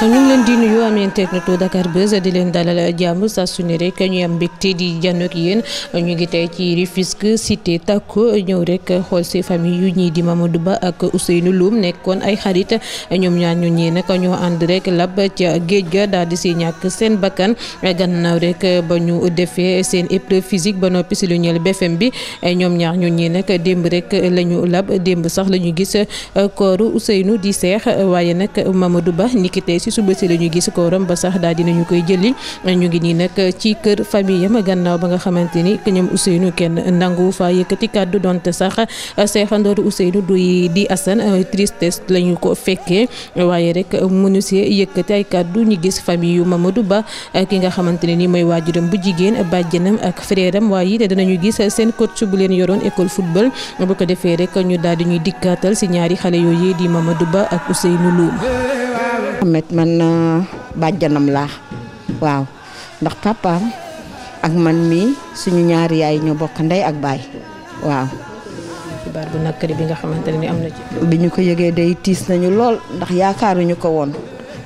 ñu ngi leen di nuyu am yéen technique di leen dalal jàmm saa su ne rek ñu am mbégte di jànnu ak yéen ñu ngi tey ci Rufisque cité Takko ñëw rek xool si famille yu ñii di Mamadou Ba ak Ousseynou Loum nekkoon ay xarit ñoom ñaar ñu ñii nag ñoo ànd rek lab ca géej ga daal di si ñàkk seen bakkan gannaaw rek ba ñu defee seen épreuve ba noppi si lu ñeel BFM bi ñoom ñaar ñu ñii nag démb rek la ñu lab démb sax la ñu gis kooru Ousseynou di seex waaye nag Mamadou Ba niki tey ci suba ci lañu gis ko kooram eh, eh, ba sax daal dinañu koy jëli ñu ngi ni nak ci kër famille am gannaaw ba nga eh, xamanteni ke ñam Ousseynou kenn nangu fa yëkkati kàddu donte sax Andour Ousseynou du di Assane tristesse lañu ko fekke waye rek mënu ci yëkkati ay kaddu ñu gis famille yu Mamadou Ba ki nga xamanteni ni mooy waajuram bu jigen ak frèream waye té dañu gis seen coach bu leen yoron école football bu ko défé rek ñu daal di ñuy dikkatal ci ñaari di Mamadou Ba ak Ousseynou Lou Ahmed man eh, bàjjanam la waaw ndax papa ak man mi suñu ñaar yaay ñu wow. nday ak baay waaw. bar bu nakari bi nga xamanteni amna na ci. biñu ko yegge day tiss nañu lol ndax yaakaaruñu ko won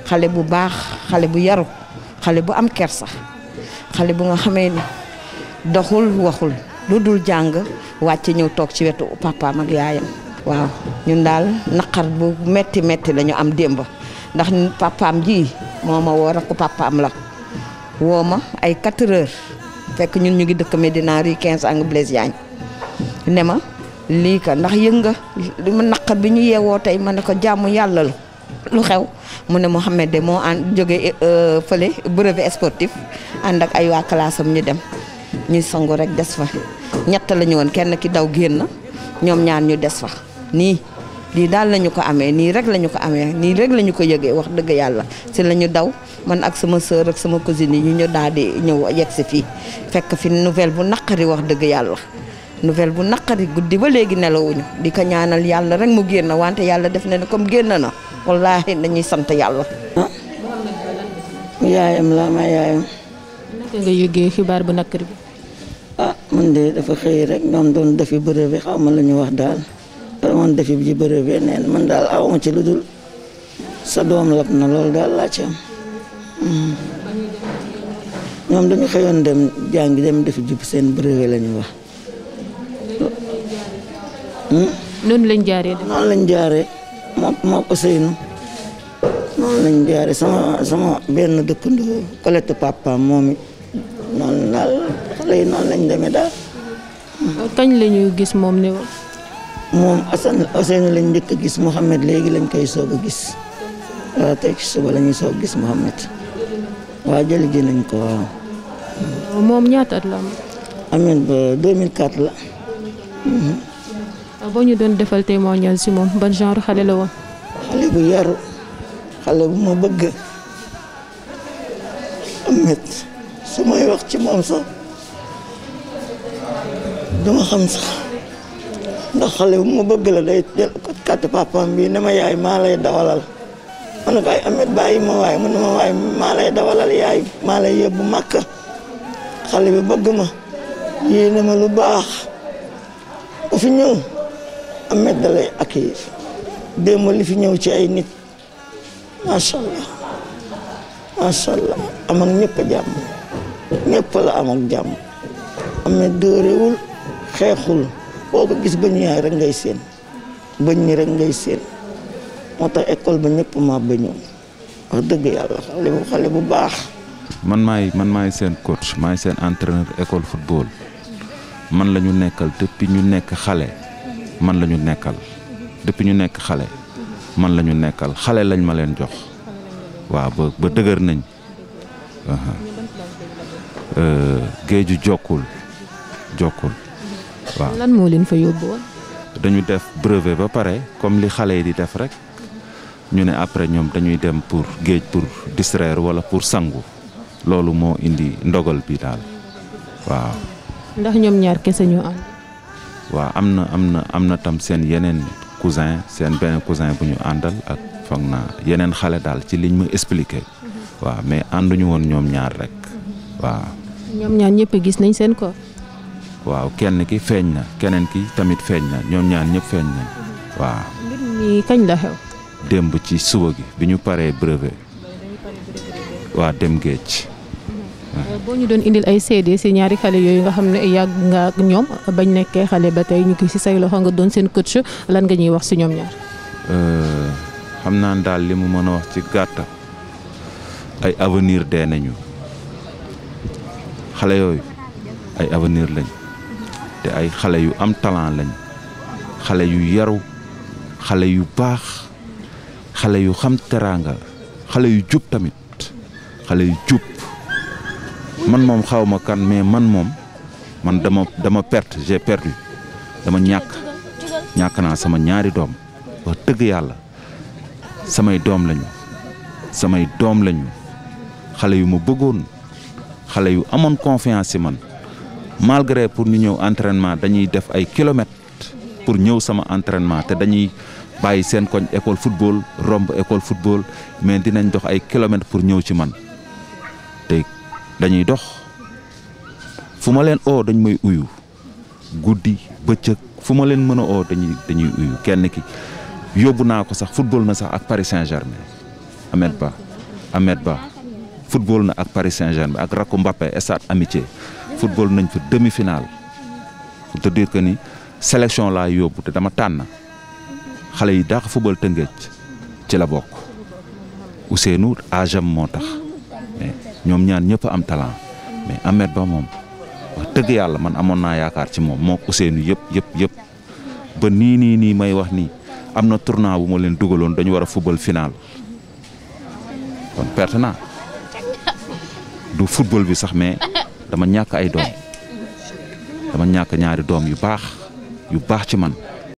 xalé bu baax xalé bu yaru xalé bu am kersa xalé bu nga xamé ni doxul waxul dudul jang jàng ñew tok ci wetu papa mak yaayam. waaw ñun dal nakar bu metti metti lañu am demba ndax papam ji moma ma woo papam la woo ma ay 4 h fekk ñun ñu ngi dëkk Medina ri 15 ang Blaise yañ nema li ka ndax yëg nga ma naqar bi ñu yeewoo tay ma ko jàmm yalla lu xew mu ne Mouhamed de an ànd euh fële brevet sportif andak ay wa classam ñu dem ñuy songu rek dess fa ñatt lañu won kenn ki daw genn ñom ñaan ñu dess fa ni lii daal nañu ko amee nii rek lañu ko amee nii rek la ñu ko wax dëgg yàlla si la daw man ak sama sœur ak sama cousine yi ñu daal di ñëw yegg si fii fekk fi nouvelle bu naqari wax dëgg yàlla nouvelle bu naqari guddi ba léegi nelawuñu di ko ñaanal yàlla rek mu génn wante yàlla def na ne comme génn na wallaahi dañuy sant yàlla. yaayam la ma yaayam. naka nga yëgee xibaar bu naqari bi. ah man de dafa xëy rek ñoom doon defi bëre bi xaw ma la wax daal. pare woon defi bi ci bërëb bi nee na man daal awma ci lu dul sa doom lap na loolu daal laa ci am hmm. ñoom dañu xëyoon dem jàngi dem def jub seen brevet la ñu wax. Hmm? noonu lañ jaaree. noonu lañ jaaree moom moom Ousseynou noonu lañ jaaree sama sama benn dëkkandoo collecte papaam moom it noonu daal xale yi noonu lañ demee daal. kañ la gis moom ni moom Assane Ousseynou lañ njëkk a gis Mouhamed léegi lañ koy soog a gis waaw tey ci suba la ñuy soog a gis Mouhamed waa jëli ji nañ ko waaw. moom ñaata at la am. amoon ba 2004 la. Mhm. Ah, boo ñu doon defal témoignage ci moom ban genre xale la woon. xale bu yaru xale bu ma bëgg Mouhamed su may wax ci moom sax dama xam sax. ndax xale bu ma bëgg la day jël kàtt papaam bii ne ma yaay maa lay dawalal ma ne ko ay amet bàyyi ma waay mu ne ma waay maa lay dawalal yaay maa lay yóbbu màkk xale bi bëgg ma yéene ma lu baax bu fi ñëw amet da lay accueillir démb li fi ñëw ci ay nit macha allah macha am ak ñëpp jàmm ñëpp am ak jàmm amet dóorewul xeexul foo ko gis orang yaay rek isin seen bëñ ñi rek ngay banyak. moo tax ada ba ñëpp maa bëñoon wax bu bu man maay man maay sen coach maay sen entraîneur école football man la ñu nekkal depuis ñu nekk xale man la ñu nekkal depuis ñu nekk xale man la nekkal xale lañ ma leen jox ba ba nañ waaw lan moo leen fa yóbbu woon dañu def brevet ba pare comme li xale yi di def rek ñu ne après ñoom dañuy dem pour géej pour distraire wala pour sangu loolu moo indi ndogal bi daal waaw. ndax ñoom ñaar kese ñu am na am na am na tam seen yeneen cousin seen benn cousin bu ñu àndal ak foog naa yeneen xale daal ci liñ ma expliqué. Mhm. waaw mais ànduñu woon ñoom ñaar rek waaw. ñoom ñaar ñëpp gis nañ seen ko waaw kenn ki feeñ na keneen ki tamit feeñ na ñoom ñaan ñëpp feeñ na waaw. kañ la xew. démb ci suba gi bi ñu paree brevet. waa dem géej. Euh, boo ñu doon indil ay seede si ñaari xale yooyu nga xam ne yàgg nga ñoom bañ nekkee xale ba tey ñu ngi si say loxo nga doon seen coach lan nga ñuy wax si ñoom ñaar. Euh, xam naan daal li mu mën a wax ci gàttal ay avenir dee nañu xale yooyu ay avenir lañ te ay xale yu am talent lañ xale yu yaru xale yu baax xale yu xam teraanga xale yu jub tamit xale yu jub man moom xawma kan mais man moom man dama dama perte j'ai perdu dama ñàkk ñàkk naa sama ñaari doom wax dëgg yàlla samay doom lañu samay doom lañu xale yu ma bëggoon xale yu amoon confiance man malgré pour ñu ñëw entraînement dañuy def ay kilomètres pour ñëw sama entraînement te dañuy bàyyi seen koñ école football romb école football mais dinañ dox ay kilomètres pour ñëw ci man te dañuy dox fu ma leen oo dañ may uyu guddi bëccëg fu ma leen mën a oo dañuy dañuy uyu kenn ki yóbbu naa ko sax football na sax ak Paris Saint-Germain Ahmed Ba Ahmed Ba football na ak Paris saint ak rakku Mbappé stade Amitié football nañ fa demi-finale pour te dire que ni sélection laa yóbbu te dama tànn xale yi daax football Tëngéej ci la bokk Ousseynou agam moo tax mais ñoom ñaan ñëpp am talent mais Ahmed Ba moom wax dëgg yàlla man amoon naa yaakaar ci moom moo Ousseynou yëpp yëpp yëpp ba nii nii nii may wax nii am na tournant bu ma leen dugaloon dañu war a football final kon perte naa du football bi sax mais dama ñàkk ay doom eh. dama ñàkk ñaari doom yu baax yu baax ci man